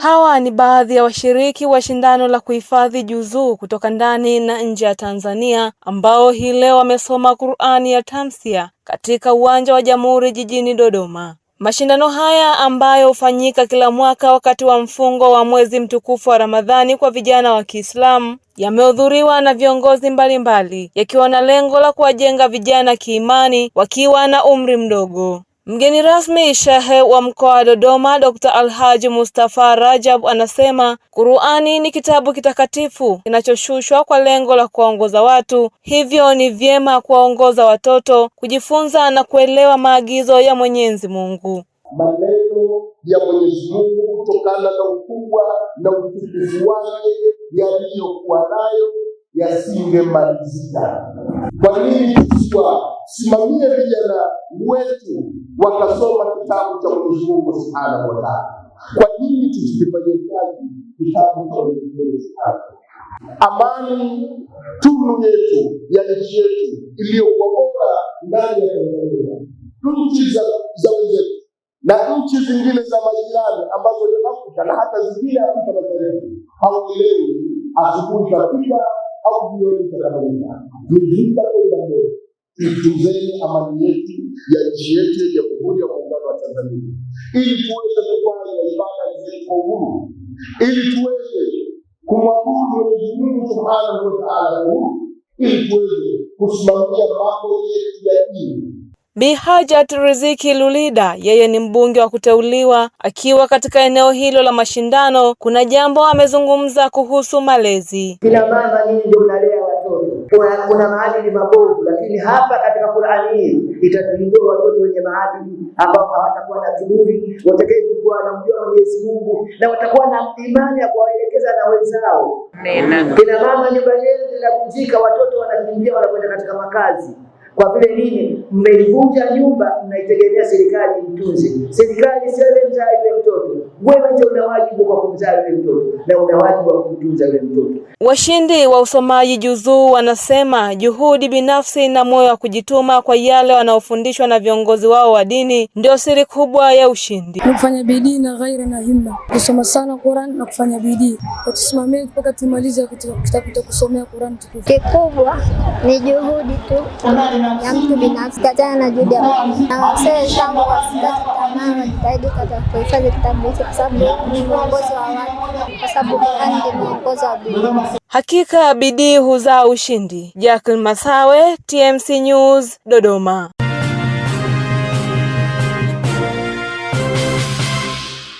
Hawa ni baadhi ya washiriki wa shindano la kuhifadhi juzuu kutoka ndani na nje ya Tanzania ambao hii leo wamesoma Qur'ani ya Tamsia katika uwanja wa Jamhuri jijini Dodoma. Mashindano haya ambayo hufanyika kila mwaka wakati wa mfungo wa mwezi mtukufu wa Ramadhani kwa vijana wa Kiislamu yamehudhuriwa na viongozi mbalimbali yakiwa na lengo la kuwajenga vijana kiimani wakiwa na umri mdogo. Mgeni rasmi shehe wa mkoa wa Dodoma Dr. Alhaji Mustafa Rajab anasema Qur'ani ni kitabu kitakatifu kinachoshushwa kwa lengo la kuwaongoza watu, hivyo ni vyema kuwaongoza watoto kujifunza na kuelewa maagizo ya Mwenyezi Mungu, maneno ya Mwenyezi Mungu kutokana na ukubwa na utukufu wake yaliyokuwa nayo yasingemalizika. Kwa nini tusiwa simamie vijana wetu wakasoma kitabu cha Mwenyezi Mungu Subhanahu wa Ta'ala. Kwa nini tusifanye kazi kitabu cha Mwenyezi Mungu Subhanahu wa Ta'ala? Amani tunu yetu ya nchi yetu iliyokuwa bora ndani ya Tanzania, nchi za wenzetu na nchi zingine za majirani ambazo ni Afrika na hata zingine Afrika Mashariki hauelewi, asubuhi itafika au jioni itakamilika, ni vita kwenda mbele itunzeni amani yetu ya nchi yetu ya Jamhuri ya Muungano wa Tanzania, ili tuweze kufanya ibada zetu kwa uhuru, ili tuweze kumwabudu Mwenyezi Mungu subhanahu wa taala, ili tuweze kusimamia mambo yetu ya dini. Bi Hajat Riziki Lulida, yeye ni mbunge wa kuteuliwa, akiwa katika eneo hilo la mashindano, kuna jambo amezungumza kuhusu malezi. Kina mama, nyinyi ndio mnalea kuna maadili mabovu, lakini hapa katika Qur'ani hii itatuingia watoto wenye maadili ambao hawatakuwa na kiburi, watakaokuwa wanamjua Mwenyezi Mungu na watakuwa na imani ya kuwaelekeza na wenzao. Kina mama, nyumba yenu linavunjika, watoto wanakimbia wanakwenda katika makazi kwa vile nini? Mmeivunja nyumba, mnaitegemea serikali mtunze. Serikali sio ile mzaa yule mtoto, wewe ndio una wajibu kwa kumzaa yule mtoto na una wajibu wa kumtunza yule mtoto. Washindi wa usomaji juzuu wanasema juhudi binafsi na moyo wa kujituma kwa yale wanaofundishwa na viongozi wao wa dini ndio siri kubwa ya ushindi. kufanya bidii na ghaira na himma, kusoma sana Qur'an na kufanya bidii, watusimamie mpaka tumalize kitabu cha kusomea Qur'an tukufu. Kikubwa ni juhudi tu ya mtu binafsi. Achana na juhudi na wajitahidi katika kuhifadhi kwa sababu ni mwongozo wa watu, kwa sababu ni mwongozo wa dunia. Hakika bidii huzaa ushindi. Jacqueline Masawe, TMC News, Dodoma.